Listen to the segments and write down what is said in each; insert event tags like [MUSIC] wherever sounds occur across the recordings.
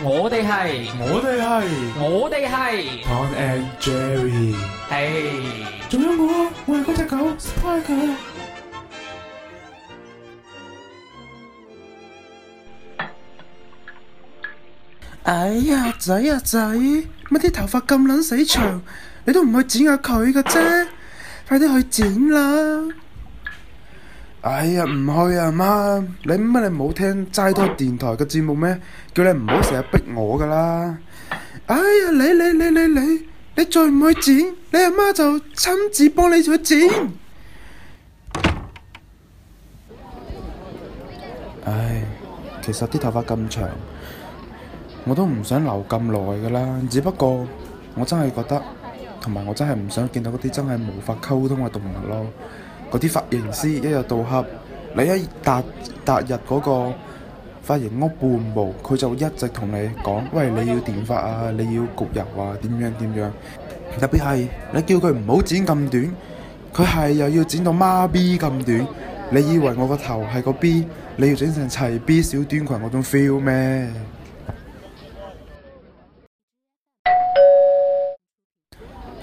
我哋係，我哋係，我哋係。Tom and Jerry 係 Hey，仲有我，我係嗰隻狗 Spider。Sp 哎呀，仔啊仔，乜啲頭髮咁撚死長，你都唔去剪下佢嘅啫，快啲去剪啦！哎呀，唔去啊，媽！你乜你唔好聽齋多電台嘅節目咩？叫你唔好成日逼我噶啦！哎呀，你你你你你，你，你再唔去剪，你阿媽就親自幫你去剪。唉，其實啲頭髮咁長，我都唔想留咁耐噶啦。只不過我真係覺得，同埋我真係唔想見到嗰啲真係無法溝通嘅動物咯。嗰啲髮型師一日到黑，你一踏踏入嗰個髮型屋半步，佢就一直同你講：「喂，你要電髮啊，你要焗油啊，點樣點樣？特別係你叫佢唔好剪咁短，佢係又要剪到孖 B 咁短。你以為我個頭係個 B，你要整成齊 B 小短裙嗰種 feel 咩？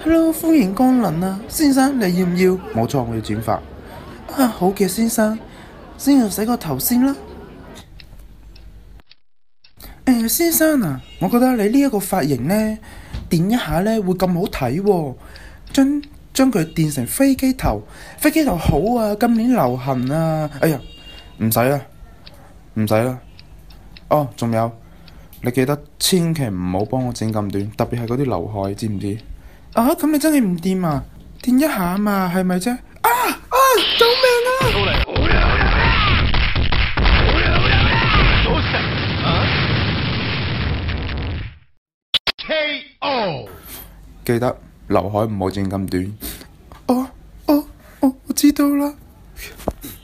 hello，歡迎光臨啊，先生你要唔要？冇錯，我要剪髮啊。好嘅，先生，先要洗個頭先啦。誒、哎，先生啊，我覺得你呢一個髮型呢，電一下呢會咁好睇。哦，將將佢電成飛機頭，飛機頭好啊，今年流行啊。哎呀，唔使啦，唔使啦。哦，仲有，你記得千祈唔好幫我剪咁短，特別係嗰啲劉海，知唔知？哦、那啊！咁你真係唔掂啊？掂一下嘛，係咪啫？啊啊！救命啊！過嚟！好呀好呀，好呀好呀，好食啊！K.O.，記得劉海唔好剪咁短哦。哦！哦！我我知道啦。 [LAUGHS]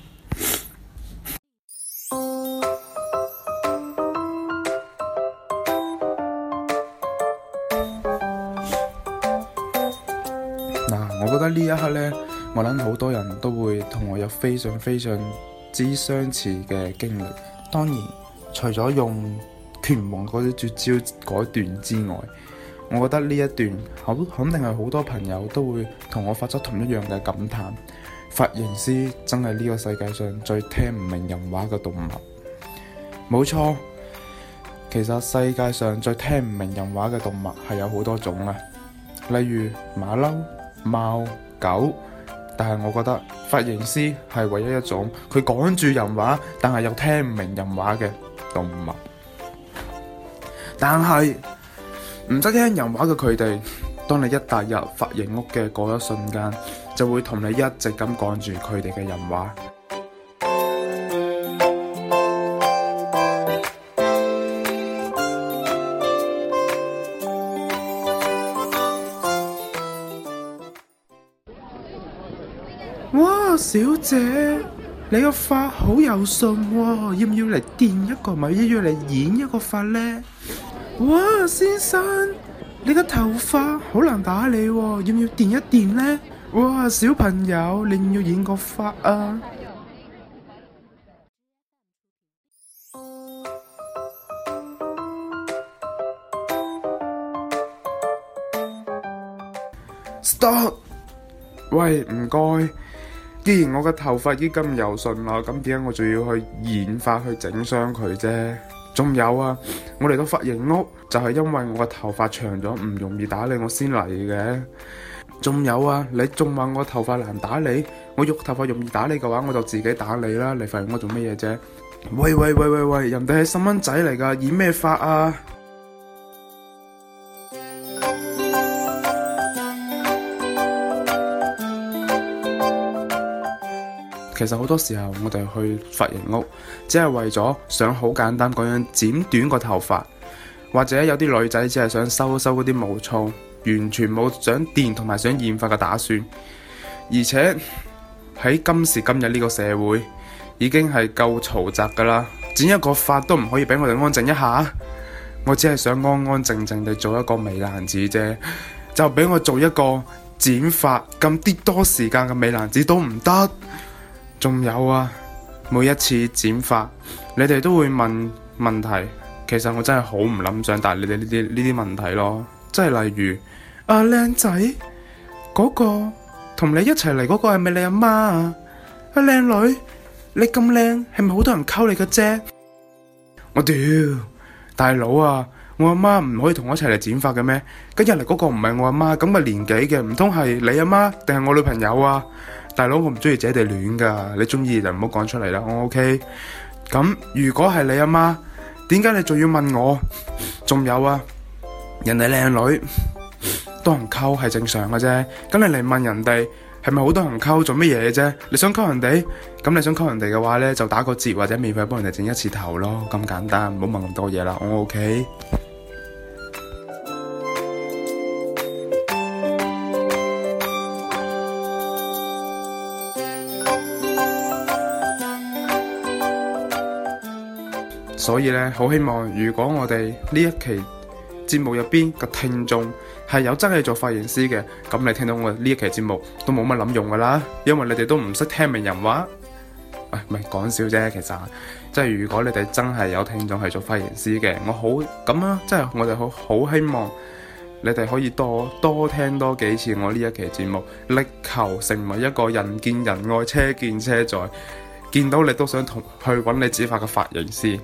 我覺得呢一刻呢，我諗好多人都會同我有非常非常之相似嘅經歷。當然，除咗用拳王嗰啲絕招改段之外，我覺得呢一段好肯定係好多朋友都會同我發出同一樣嘅感嘆，髮型師真係呢個世界上最聽唔明人話嘅動物。冇錯，其實世界上最聽唔明人話嘅動物係有好多種啦，例如馬騮。貓、狗，但係我覺得髮型師係唯一一種佢講住人話，但係又聽唔明人話嘅動物。但係唔識聽人話嘅佢哋，當你一踏入髮型屋嘅嗰一瞬間，就會同你一直咁講住佢哋嘅人話。小姐，你個發好有信，要唔要嚟電一個，唔係要唔要嚟染一個發咧？哇，先生，你個頭髮好難打理，要唔要電一電咧？哇，小朋友，你要染個發啊？Stop！喂，唔該。既然我嘅頭髮已經咁柔順啦，咁點解我仲要去染髮去整傷佢啫？仲有啊，我嚟到髮型屋就係、是、因為我嘅頭髮長咗唔容易打理我來的，我先嚟嘅。仲有啊，你仲話我的頭髮難打理，我肉頭髮容易打理嘅話，我就自己打理啦，你髮型屋做咩嘢啫？喂喂喂喂喂，人哋係細蚊仔嚟噶，染咩髮啊？其實好多時候我哋去髮型屋，只係為咗想好簡單咁樣剪短個頭髮，或者有啲女仔只係想修修嗰啲毛躁，完全冇想電同埋想染髮嘅打算。而且喺今時今日呢個社會已經係夠嘈雜噶啦，剪一個髮都唔可以俾我哋安靜一下。我只係想安安靜靜地做一個美男子啫，就俾我做一個剪髮咁啲多時間嘅美男子都唔得。仲有啊，每一次剪髮，你哋都會問問題，其實我真係好唔諗想答你哋呢啲呢啲問題咯，即係例如啊，靚仔嗰個同你一齊嚟嗰個係咪你阿媽啊？啊，靚女，你咁靚係咪好多人溝你嘅啫？我屌，大佬啊，我阿媽唔可以同我一齊嚟剪髮嘅咩？今日嚟嗰個唔係我阿媽，咁咪年紀嘅，唔通係你阿媽定係我女朋友啊？大佬，我唔中意姐弟戀噶，你中意就唔好講出嚟啦，我 OK。咁如果係你阿媽，點解你仲要問我？仲有啊，人哋靚女多人溝係正常嘅啫。咁你嚟問人哋係咪好多人溝做乜嘢啫？你想溝人哋，咁你想溝人哋嘅話呢，就打個折或者免費幫人哋整一次頭咯，咁簡單，唔好問咁多嘢啦，我 OK。所以咧，好希望如果我哋呢一期節目入邊嘅聽眾係有真係做髮型師嘅，咁你聽到我呢一期節目都冇乜諗用噶啦因為你哋都唔識聽明人話。喂、哎，唔係講笑啫，其實即係、就是、如果你哋真係有聽眾係做髮型師嘅，我好咁啊，即係我哋好好希望你哋可以多多聽多幾次我呢一期節目，力求成為一個人見人愛、車見車載，見到你都想同去揾你指髮嘅髮型師。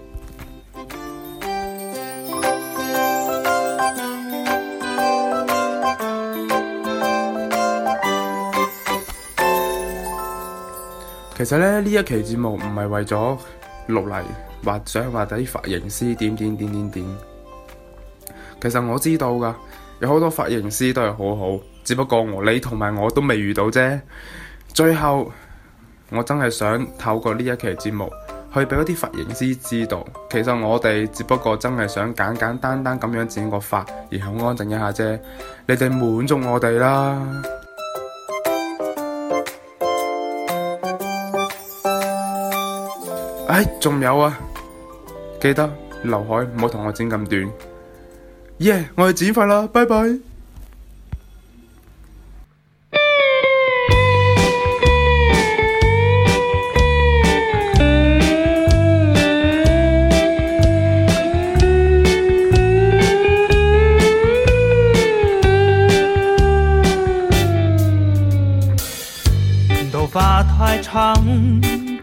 其實咧，呢一期節目唔係為咗錄嚟，或者想，或者啲髮型師點點點點點。其實我知道噶，有好多髮型師都係好好，只不過我你同埋我都未遇到啫。最後我真係想透過呢一期節目去俾一啲髮型師知道，其實我哋只不過真係想簡簡單單咁樣剪個髮，然後安靜一下啫。你哋滿足我哋啦。哎，仲有啊！記得劉海，唔好同我剪咁短。耶、yeah，我去剪髮啦，拜拜。頭髮太長。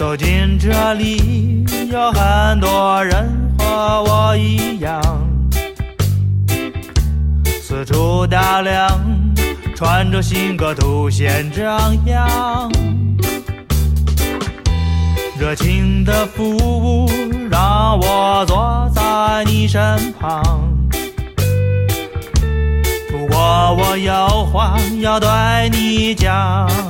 走進這裏，有很多人和我一樣。四處打量，穿着新格凸顯張揚。熱情的服務讓我坐在你身旁。不過我有話要對你講。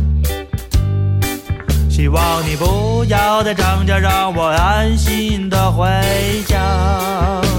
希望你不要再漲價，讓我安心的回家。